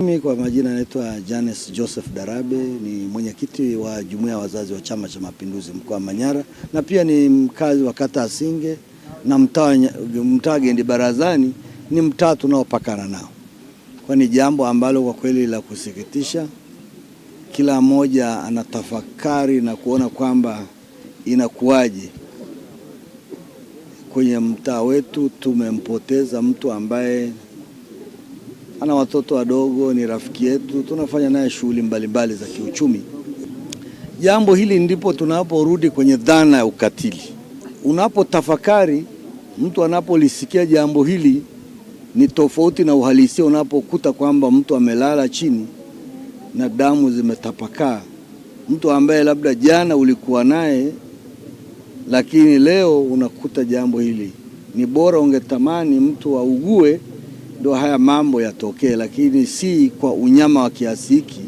Mimi kwa majina naitwa Janes Joseph Darabe, ni mwenyekiti wa jumuiya ya wazazi wa Chama cha Mapinduzi mkoa wa Manyara, na pia ni mkazi wa kata Asinge na mtaa Gendi Barazani, ni mtaa tunaopakana nao. Kwa ni jambo ambalo kwa kweli la kusikitisha, kila mmoja anatafakari na kuona kwamba inakuwaje kwenye mtaa wetu tumempoteza mtu ambaye ana watoto wadogo, ni rafiki yetu, tunafanya naye shughuli mbalimbali za kiuchumi. Jambo hili ndipo tunaporudi kwenye dhana ya ukatili. Unapotafakari, mtu anapolisikia jambo hili ni tofauti na uhalisia unapokuta kwamba mtu amelala chini na damu zimetapakaa, mtu ambaye labda jana ulikuwa naye, lakini leo unakuta jambo hili. Ni bora ungetamani mtu augue ndo haya mambo yatokee, lakini si kwa unyama wa kiasi hiki.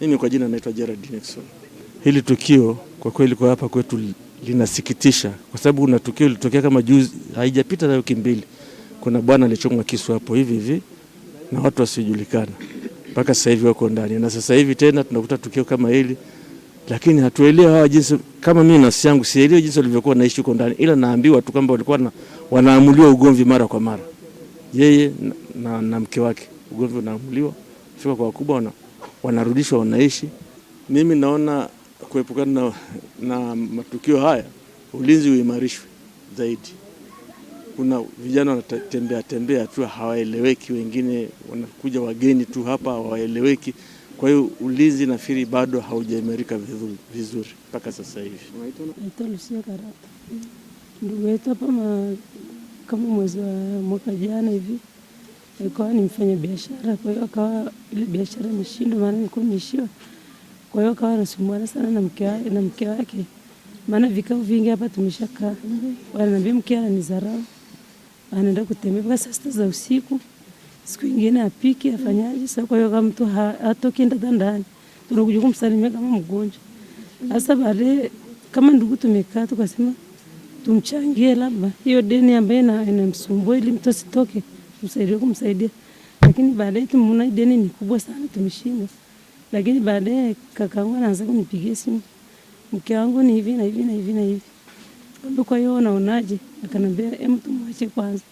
Mimi kwa jina naitwa Gerard Nixon. Hili tukio kwa kweli kwa hapa kwetu linasikitisha, kwa sababu kuna tukio lilitokea kama juzi, haijapita na wiki mbili. Kuna bwana alichomwa kisu hapo hivi hivi na watu wasiojulikana, mpaka sasa hivi wako ndani, na sasa hivi tena tunakuta tukio kama hili, lakini hatuelewi hawa jinsi. Kama mimi nafsi yangu sielewi jinsi walivyokuwa naishi huko ndani, ila naambiwa tu kwamba walikuwa wanaamuliwa ugomvi mara kwa mara yeye na, na, na mke wake. Ugomvi unaamuliwa, fika kwa wakubwa, wanarudishwa, wanaishi. Mimi naona kuepukana na, na matukio haya, ulinzi uimarishwe zaidi. Kuna vijana wanatembea tembea tu hawaeleweki, wengine wanakuja wageni tu hapa hawaeleweki. Kwa hiyo ulinzi nafikiri bado haujaimarika vizuri mpaka sasa hivi. Ndugu yetu hapa kama mwezi wa mwaka jana hivi alikuwa ni mfanya biashara, kwa hiyo akawa ile biashara imeshindwa, maana ilikuwa nimeishiwa. Kwa hiyo akawa anasumbuana sana na mke wake na mke wake, maana vikao vingi hapa tumeshakaa, wananiambia mke ananizarau, anaenda kutembea mpaka saa sita za usiku, siku nyingine apiki afanyaje? Sasa kwa hiyo kama mtu hatoki ndani ndani, tunakuja kumsalimia kama mgonjwa. Sasa baadaye kama ndugu tumekaa tukasema tumchangie labda hiyo deni ambayo inamsumbua, ili mtu asitoke, msaidie kumsaidia. Lakini baadaye tumeona deni ni kubwa sana, tumeshindwa. Lakini baadaye kaka wangu anaanza kunipigia simu, mke wangu ni hivi na hivi na hivi na hivi, kumbe, kwa hiyo unaonaje? Akanambia hem, tumwache kwanza.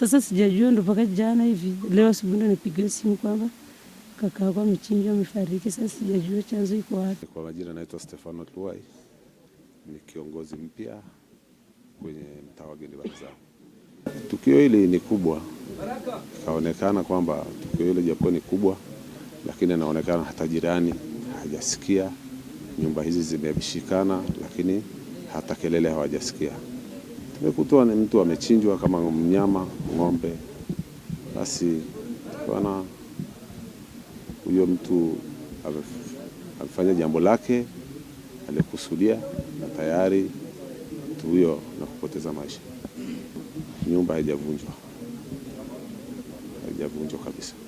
Sasa sijajua, ndo mpaka jana hivi leo asubuhi ndo nipigiwa simu kwamba kaka yako amechinjwa, amefariki. Sasa sijajua chanzo iko wapi. Kwa majina naitwa Stefano Tuai, ni kiongozi mpya kwenye mtaa wa Gendi Barazani. Tukio hili ni kubwa, ikaonekana kwamba tukio hili japo ni kubwa, lakini anaonekana hata jirani hajasikia. Nyumba hizi zimeshikana, lakini hata kelele hawajasikia. Tumekutwa ni mtu amechinjwa kama mnyama ng'ombe, basi bwana huyo mtu amefanya jambo lake alikusudia na tayari mtu huyo na kupoteza maisha. Nyumba haijavunjwa, haijavunjwa kabisa.